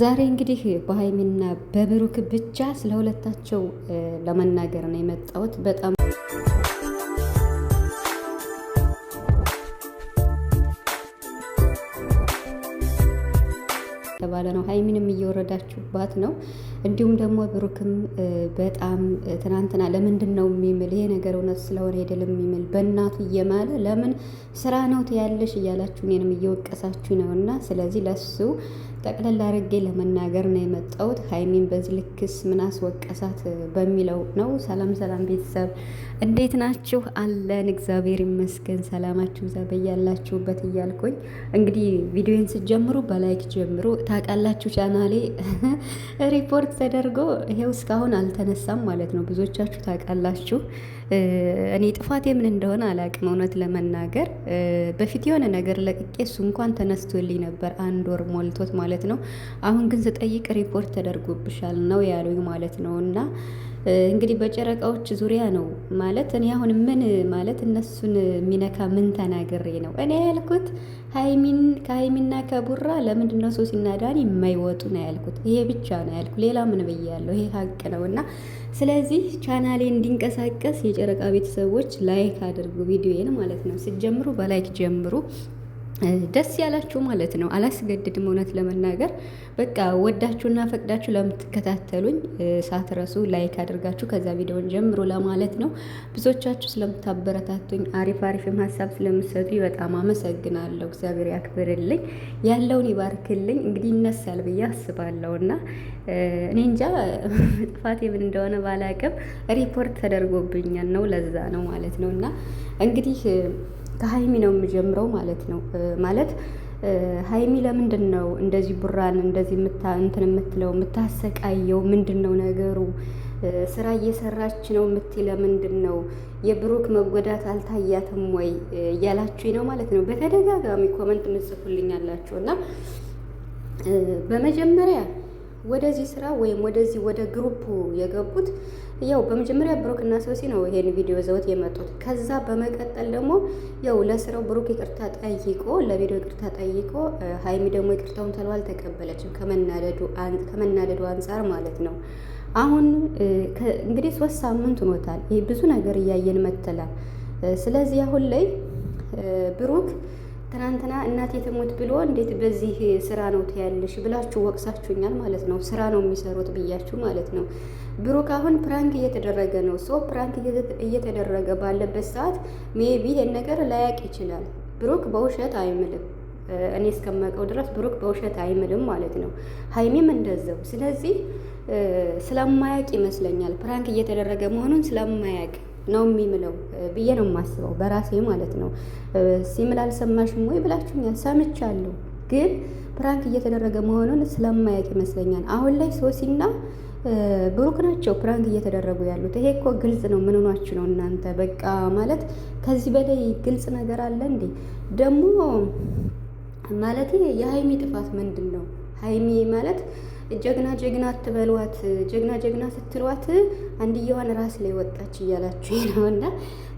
ዛሬ እንግዲህ በሀይሚና በብሩክ ብቻ ስለ ሁለታቸው ለመናገር ነው የመጣሁት። በጣም ተባለ ነው። ሀይሚንም እየወረዳችሁባት ነው፣ እንዲሁም ደግሞ ብሩክም በጣም ትናንትና ለምንድን ነው የሚምል ይሄ ነገር እውነት ስለሆነ አይደለም የሚምል በእናቱ እየማለ ለምን ስራ ነው ትያለሽ እያላችሁ እኔንም እየወቀሳችሁ ነው እና ስለዚህ ለሱ ጠቅለል አድርጌ ለመናገር ነው የመጣሁት። ሀይሚን በዚህ ልክስ ምን አስወቀሳት በሚለው ነው። ሰላም ሰላም ቤተሰብ እንዴት ናችሁ? አለን እግዚአብሔር ይመስገን። ሰላማችሁ እዛ በያላችሁበት እያልኩኝ እንግዲህ ቪዲዮን ስጀምሩ በላይክ ጀምሩ። ታውቃላችሁ ቻናሌ ሪፖርት ተደርጎ ይሄው እስካሁን አልተነሳም ማለት ነው። ብዙዎቻችሁ ታውቃላችሁ። እኔ ጥፋቴ ምን እንደሆነ አላቅም። እውነት ለመናገር በፊት የሆነ ነገር ለቅቄ እሱ እንኳን ተነስቶልኝ ነበር። አንድ ወር ሞልቶት ማለት ማለት ነው። አሁን ግን ስጠይቅ ሪፖርት ተደርጎብሻል ነው ያሉኝ ማለት ነው እና እንግዲህ በጨረቃዎች ዙሪያ ነው ማለት እኔ አሁን ምን ማለት እነሱን የሚነካ ምን ተናግሬ ነው እኔ ያልኩት ሀይሚን ከሀይሚና ከቡራ ለምንድን ነው ሶሲና ዳኒ የማይወጡ ነው ያልኩት። ይሄ ብቻ ነው ያልኩ፣ ሌላ ምን ብያለሁ? ይሄ ሀቅ ነው እና ስለዚህ ቻናሌ እንዲንቀሳቀስ የጨረቃ ቤተሰቦች ላይክ አድርጉ ቪዲዮዬን ማለት ነው። ስትጀምሩ በላይክ ጀምሩ። ደስ ያላችሁ ማለት ነው። አላስገድድም። እውነት ለመናገር በቃ ወዳችሁና ፈቅዳችሁ ለምትከታተሉኝ ሳትረሱ ላይክ አድርጋችሁ ከዛ ቪዲዮን ጀምሮ ለማለት ነው። ብዙዎቻችሁ ስለምታበረታቱኝ አሪፍ አሪፍም ሀሳብ ስለምሰጡ በጣም አመሰግናለሁ። እግዚአብሔር ያክብርልኝ፣ ያለውን ይባርክልኝ። እንግዲህ ይነሳል ብዬ አስባለሁ እና እኔ እንጃ ጥፋቴ ምን እንደሆነ ባላቅም ሪፖርት ተደርጎብኛል ነው ለዛ ነው ማለት ነው እና እንግዲህ ከሀይሚ ነው የምጀምረው ማለት ነው። ማለት ሀይሚ ለምንድን ነው እንደዚህ ቡራን እንደዚህ እንትን የምትለው የምታሰቃየው? ምንድን ነው ነገሩ? ስራ እየሰራች ነው ምት ለምንድን ነው? የብሩክ መጎዳት አልታያትም ወይ እያላችሁ ነው ማለት ነው። በተደጋጋሚ ኮመንት ምጽፉልኝ አላችሁ እና በመጀመሪያ ወደዚህ ስራ ወይም ወደዚህ ወደ ግሩፕ የገቡት ያው በመጀመሪያ ብሩክና ሶሲ ነው ይሄን ቪዲዮ ዘውት የመጡት። ከዛ በመቀጠል ደግሞ ያው ለስራው ብሩክ ይቅርታ ጠይቆ ለቪዲዮ ይቅርታ ጠይቆ ሀይሚ ደግሞ ይቅርታውን ተለው አልተቀበለችም፣ ከመናደዱ አንጻር ማለት ነው። አሁን እንግዲህ ሶስት ሳምንት ሆኖታል። ብዙ ነገር እያየን መተላል። ስለዚህ አሁን ላይ ብሩክ ትናንትና እናቴ ትሞት ብሎ እንዴት በዚህ ስራ ነው ትያለሽ ብላችሁ ወቅሳችሁኛል ማለት ነው። ስራ ነው የሚሰሩት ብያችሁ ማለት ነው። ብሩክ አሁን ፕራንክ እየተደረገ ነው። ሶ ፕራንክ እየተደረገ ባለበት ሰዓት ሜቢ ይሄን ነገር ላያቅ ይችላል። ብሩክ በውሸት አይምልም። እኔ እስከማውቀው ድረስ ብሩክ በውሸት አይምልም ማለት ነው። ሀይሜም እንደዘው። ስለዚህ ስለማያቅ ይመስለኛል ፕራንክ እየተደረገ መሆኑን ስለማያቅ ነው የሚምለው ብዬ ነው የማስበው በራሴ ማለት ነው። ሲምል አልሰማሽም ወይ ብላችሁኛል። ሰምቻለሁ፣ ግን ፕራንክ እየተደረገ መሆኑን ስለማያውቅ ይመስለኛል። አሁን ላይ ሶሲና ብሩክ ናቸው ፕራንክ እየተደረጉ ያሉት። ይሄ እኮ ግልጽ ነው። ምን ሆናችሁ ነው እናንተ? በቃ ማለት ከዚህ በላይ ግልጽ ነገር አለ እንዴ? ደግሞ ማለት የሀይሚ ጥፋት ምንድን ነው? ሀይሚ ማለት ጀግና ጀግና አትበሏት፣ ጀግና ጀግና ስትሏት አንድየዋን ራስ ላይ ወጣች እያላችሁ ነው። እና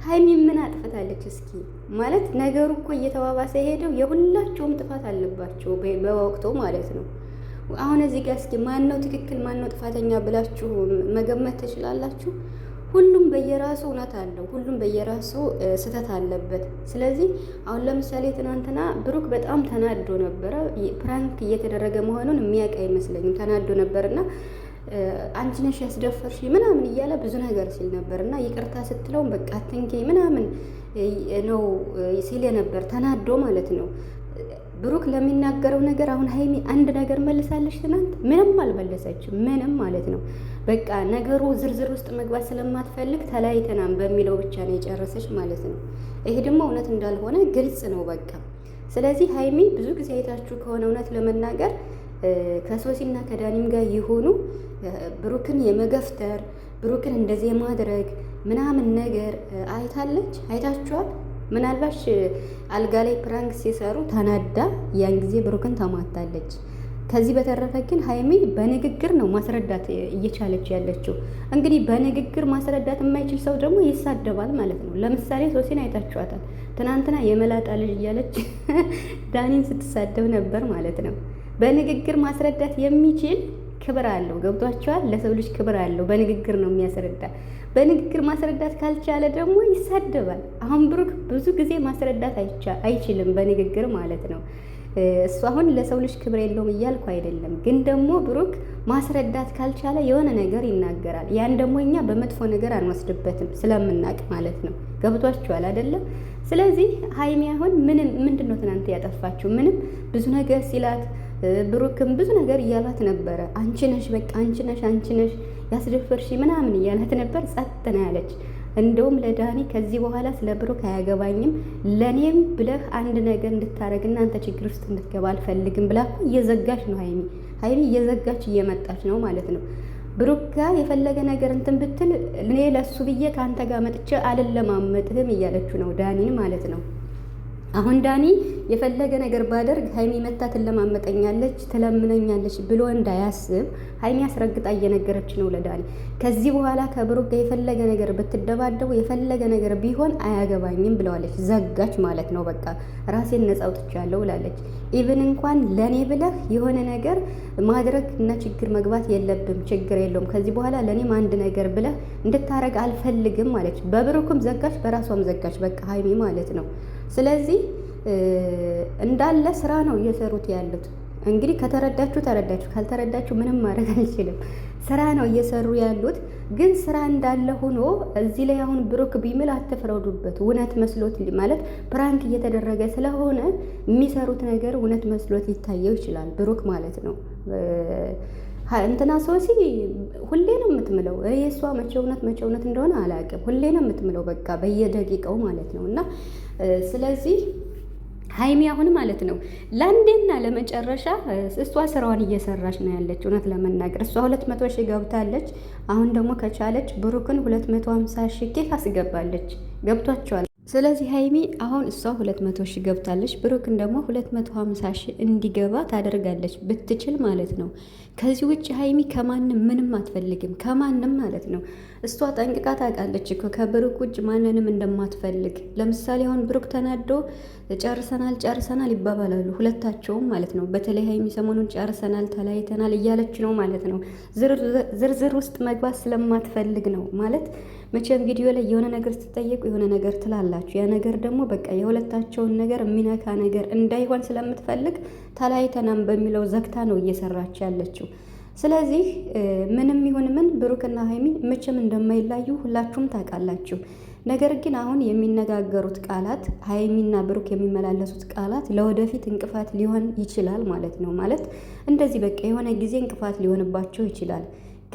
ሀይሚ ምን አጥፍታለች? እስኪ ማለት ነገሩ እኮ እየተባባሰ ሄደው የሁላቸውም ጥፋት አለባቸው በወቅቱ ማለት ነው። አሁን እዚህ ጋር እስኪ ማን ነው ትክክል ማን ነው ጥፋተኛ ብላችሁ መገመት ትችላላችሁ? ሁሉም በየራሱ እውነት አለው፣ ሁሉም በየራሱ ስህተት አለበት። ስለዚህ አሁን ለምሳሌ ትናንትና ብሩክ በጣም ተናዶ ነበረ። ፕራንክ እየተደረገ መሆኑን የሚያውቅ አይመስለኝም። ተናዶ ነበርና አንቺ ነሽ ያስደፈርሽ ምናምን እያለ ብዙ ነገር ሲል ነበር እና ይቅርታ ስትለውም በቃ አትንኪ ምናምን ነው ሲል ነበር፣ ተናዶ ማለት ነው። ብሩክ ለሚናገረው ነገር አሁን ሀይሚ አንድ ነገር መልሳለች። ትናንት ምንም አልመለሰች፣ ምንም ማለት ነው። በቃ ነገሩ ዝርዝር ውስጥ መግባት ስለማትፈልግ ተለያይተናም በሚለው ብቻ ነው የጨረሰች ማለት ነው። ይሄ ደግሞ እውነት እንዳልሆነ ግልጽ ነው በቃ። ስለዚህ ሀይሚ ብዙ ጊዜ አይታችሁ ከሆነ እውነት ለመናገር ከሶሲና ከዳኒም ጋር የሆኑ ብሩክን የመገፍተር ብሩክን እንደዚህ የማድረግ ምናምን ነገር አይታለች፣ አይታችኋል ምናልባሽ አልጋ ላይ ፕራንክ ሲሰሩ ተናዳ ያን ጊዜ ብሩክን ተማታለች። ከዚህ በተረፈ ግን ሀይሚ በንግግር ነው ማስረዳት እየቻለች ያለችው። እንግዲህ በንግግር ማስረዳት የማይችል ሰው ደግሞ ይሳደባል ማለት ነው። ለምሳሌ ሶሲን አይታችኋታል። ትናንትና የመላጣ ልጅ እያለች ዳኒን ስትሳደብ ነበር ማለት ነው። በንግግር ማስረዳት የሚችል ክብር አለው። ገብቷቸዋል። ለሰው ልጅ ክብር አለው። በንግግር ነው የሚያስረዳ። በንግግር ማስረዳት ካልቻለ ደግሞ ይሳደባል። አሁን ብሩክ ብዙ ጊዜ ማስረዳት አይችልም፣ በንግግር ማለት ነው። እሱ አሁን ለሰው ልጅ ክብር የለውም እያልኩ አይደለም፣ ግን ደግሞ ብሩክ ማስረዳት ካልቻለ የሆነ ነገር ይናገራል። ያን ደግሞ እኛ በመጥፎ ነገር አንወስድበትም ስለምናቅ ማለት ነው። ገብቷችኋል አይደለም? ስለዚህ ሀይሚ አሁን ምንም ምንድን ነው ትናንት ያጠፋችሁ? ምንም ብዙ ነገር ሲላት ብሩክም ብዙ ነገር እያላት ነበረ። አንቺ ነሽ በቃ አንቺ ነሽ አንቺ ነሽ ያስደፈርሽ ምናምን እያላት ነበር። ጸጥ ነው ያለች። እንደውም ለዳኒ ከዚህ በኋላ ስለ ብሩክ አያገባኝም ለእኔም ብለህ አንድ ነገር እንድታረግና አንተ ችግር ውስጥ እንድትገባ አልፈልግም ብላ እየዘጋች ነው ሀይሚ። ሀይሚ እየዘጋች እየመጣች ነው ማለት ነው። ብሩክ ጋር የፈለገ ነገር እንትን ብትል እኔ ለሱ ብዬ ከአንተ ጋር መጥቼ አልለማመጥህም እያለችው ነው ዳኒን ማለት ነው። አሁን ዳኒ የፈለገ ነገር ባደርግ ሀይሚ መታ ትለማመጠኛለች፣ ትለምነኛለች ብሎ እንዳያስብ ሀይሚ አስረግጣ እየነገረች ነው ለዳኒ። ከዚህ በኋላ ከብሩክ ጋር የፈለገ ነገር ብትደባደቡ የፈለገ ነገር ቢሆን አያገባኝም ብለዋለች። ዘጋች ማለት ነው። በቃ ራሴን ነጻ አውጥቻለሁ ብላለች። ኢቭን እንኳን ለእኔ ብለህ የሆነ ነገር ማድረግ እና ችግር መግባት የለብም ችግር የለውም። ከዚህ በኋላ ለእኔም አንድ ነገር ብለህ እንድታረግ አልፈልግም ማለች። በብሩክም ዘጋች፣ በራሷም ዘጋች። በቃ ሀይሚ ማለት ነው። ስለዚህ እንዳለ ስራ ነው እየሰሩት ያሉት። እንግዲህ ከተረዳችሁ ተረዳችሁ፣ ካልተረዳችሁ ምንም ማድረግ አልችልም። ስራ ነው እየሰሩ ያሉት። ግን ስራ እንዳለ ሆኖ እዚህ ላይ አሁን ብሩክ ቢምል አትፍረዱበት። እውነት መስሎት ማለት ፕራንክ እየተደረገ ስለሆነ የሚሰሩት ነገር እውነት መስሎት ሊታየው ይችላል፣ ብሩክ ማለት ነው። እንትና ሶሲ ሁሌ ነው የምትምለው። የእሷ መቼ እውነት መቼ እውነት እንደሆነ አላውቅም። ሁሌ ነው የምትምለው፣ በቃ በየደቂቃው ማለት ነው እና ስለዚህ ሀይሚ አሁን ማለት ነው ለአንዴና ለመጨረሻ እሷ ስራዋን እየሰራች ነው ያለች። እውነት ለመናገር እሷ ሁለት መቶ ሺህ ገብታለች። አሁን ደግሞ ከቻለች ብሩክን ሁለት መቶ ሀምሳ ሺህ ኬክ አስገባለች። ገብቷቸዋል። ስለዚህ ሀይሚ አሁን እሷ ሁለት መቶ ሺ ገብታለች፣ ብሩክን ደግሞ ሁለት መቶ ሀምሳ ሺ እንዲገባ ታደርጋለች ብትችል ማለት ነው። ከዚህ ውጭ ሀይሚ ከማንም ምንም አትፈልግም፣ ከማንም ማለት ነው። እሷ ጠንቅቃ ታውቃለች እኮ ከብሩክ ውጭ ማንንም እንደማትፈልግ። ለምሳሌ አሁን ብሩክ ተናዶ ጨርሰናል ጨርሰናል ይባባላሉ ሁለታቸውም ማለት ነው። በተለይ ሀይሚ ሰሞኑን ጨርሰናል ተለያይተናል እያለች ነው ማለት ነው። ዝርዝር ውስጥ መግባት ስለማትፈልግ ነው ማለት መቼም ቪዲዮ ላይ የሆነ ነገር ስትጠየቁ የሆነ ነገር ትላላችሁ። ያ ነገር ደግሞ በቃ የሁለታቸውን ነገር የሚነካ ነገር እንዳይሆን ስለምትፈልግ ተለያይተናም በሚለው ዘግታ ነው እየሰራች ያለችው። ስለዚህ ምንም ይሁን ምን ብሩክና ሀይሚ መቼም እንደማይላዩ ሁላችሁም ታውቃላችሁ። ነገር ግን አሁን የሚነጋገሩት ቃላት ሀይሚና ብሩክ የሚመላለሱት ቃላት ለወደፊት እንቅፋት ሊሆን ይችላል ማለት ነው። ማለት እንደዚህ በቃ የሆነ ጊዜ እንቅፋት ሊሆንባቸው ይችላል።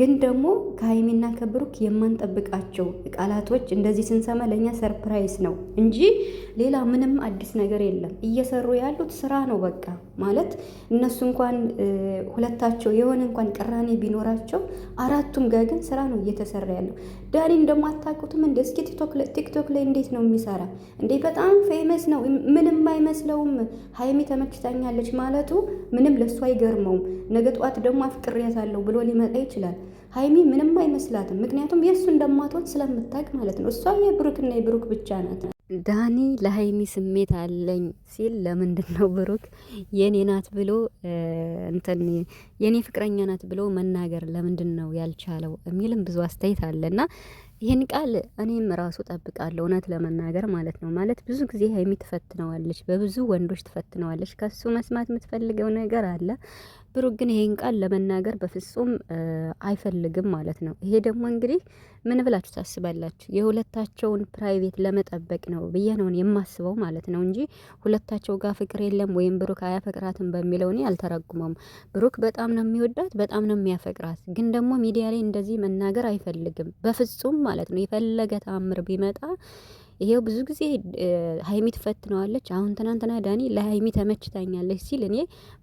ግን ደግሞ ከሀይሚና ከብሩክ የማንጠብቃቸው ቃላቶች እንደዚህ ስንሰማ ለእኛ ሰርፕራይዝ ነው እንጂ ሌላ ምንም አዲስ ነገር የለም። እየሰሩ ያሉት ስራ ነው። በቃ ማለት እነሱ እንኳን ሁለታቸው የሆነ እንኳን ቅራኔ ቢኖራቸው፣ አራቱም ጋር ግን ስራ ነው እየተሰራ ያለው። ዳኒ ደግሞ እንደ እስኪ ቲክቶክ ላይ እንዴት ነው የሚሰራ እንዴ? በጣም ፌመስ ነው። ምንም አይመስለውም። ሀይሚ ተመችታኛለች ማለቱ ምንም ለእሱ አይገርመውም። ነገ ጠዋት ደግሞ አፍቅሬያታለሁ ብሎ ሊመጣ ይችላል። ሀይሚ ምንም አይመስላትም። ምክንያቱም የእሱ እንደማትሆን ስለምታውቅ ማለት ነው። እሷ የብሩክና የብሩክ ብቻ ናት። ዳኒ ለሀይሚ ስሜት አለኝ ሲል ለምንድን ነው ብሩክ የኔ ናት ብሎ እንትን የኔ ፍቅረኛ ናት ብሎ መናገር ለምንድን ነው ያልቻለው የሚልም ብዙ አስተያየት አለና ይህን ቃል እኔም ራሱ ጠብቃለሁ፣ እውነት ለመናገር ማለት ነው። ማለት ብዙ ጊዜ ሀይሚ ትፈትነዋለች፣ በብዙ ወንዶች ትፈትነዋለች። ከሱ መስማት የምትፈልገው ነገር አለ። ብሩክ ግን ይህን ቃል ለመናገር በፍጹም አይፈልግም ማለት ነው። ይሄ ደግሞ እንግዲህ ምን ብላችሁ ታስባላችሁ? የሁለታቸውን ፕራይቬት ለመጠበቅ ነው ብዬ የማስበው ማለት ነው እንጂ ሁለታቸው ጋር ፍቅር የለም ወይም ብሩክ አያፈቅራትም በሚለው እኔ አልተረጉመውም። ብሩክ በጣም በጣም ነው የሚወዳት፣ በጣም ነው የሚያፈቅራት። ግን ደግሞ ሚዲያ ላይ እንደዚህ መናገር አይፈልግም በፍጹም ማለት ነው። የፈለገ ተአምር ቢመጣ ይሄው ብዙ ጊዜ ሀይሚ ትፈትነዋለች። አሁን ትናንትና ዳኒ ለሀይሚ ተመችታኛለች ሲል እኔ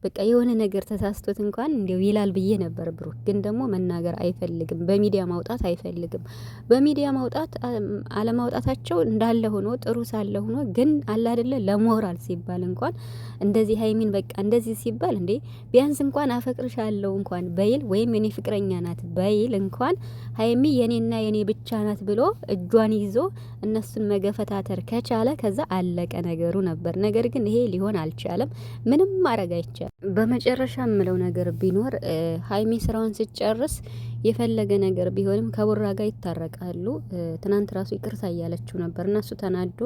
በቃ የሆነ ነገር ተሳስቶት እንኳን እንዲያው ይላል ብዬ ነበር። ብሩክ ግን ደግሞ መናገር አይፈልግም፣ በሚዲያ ማውጣት አይፈልግም። በሚዲያ ማውጣት አለማውጣታቸው እንዳለ ሆኖ ጥሩ ሳለ ሆኖ ግን አለ ለሞራል ሲባል እንኳን እንደዚህ ሀይሚን በቃ እንደዚህ ሲባል እንዴ ቢያንስ እንኳን አፈቅርሻለሁ እንኳን በይል ወይም የኔ ፍቅረኛ ናት በይል እንኳን ሀይሚ የኔና የኔ ብቻ ናት ብሎ እጇን ይዞ እነሱን መገ መገፈታተር ከቻለ ከዛ አለቀ ነገሩ ነበር። ነገር ግን ይሄ ሊሆን አልቻለም። ምንም ማድረግ አይቻልም። በመጨረሻ የምለው ነገር ቢኖር ሀይሚ ስራዋን ስጨርስ የፈለገ ነገር ቢሆንም ከቡራ ጋር ይታረቃሉ። ትናንት ራሱ ይቅርታ እያለችው ነበር እና እሱ ተናዶ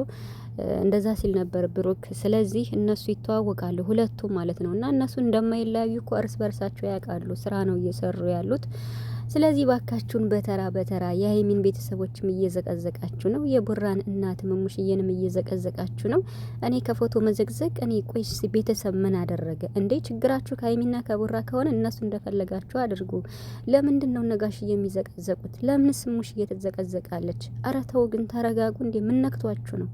እንደዛ ሲል ነበር ብሩክ። ስለዚህ እነሱ ይተዋወቃሉ ሁለቱ ማለት ነው እና እነሱ እንደማይለያዩ እኮ እርስ በርሳቸው ያውቃሉ። ስራ ነው እየሰሩ ያሉት ስለዚህ ባካችሁን በተራ በተራ የሀይሚን ቤተሰቦችም እየዘቀዘቃችሁ ነው። የቡራን እናት መሙሽዬንም እየዘቀዘቃችሁ ነው። እኔ ከፎቶ መዘግዘቅ እኔ ቆይ ቤተሰብ ምን አደረገ እንዴ? ችግራችሁ ከሀይሚና ከቡራ ከሆነ እነሱ እንደፈለጋችሁ አድርጉ። ለምንድን ነው ነጋሽ የሚዘቀዘቁት? ለምንስ ሙሽዬ ትዘቀዘቃለች? አረ ተው ግን ተረጋጉ። እንዴ ምን ነክቷችሁ ነው?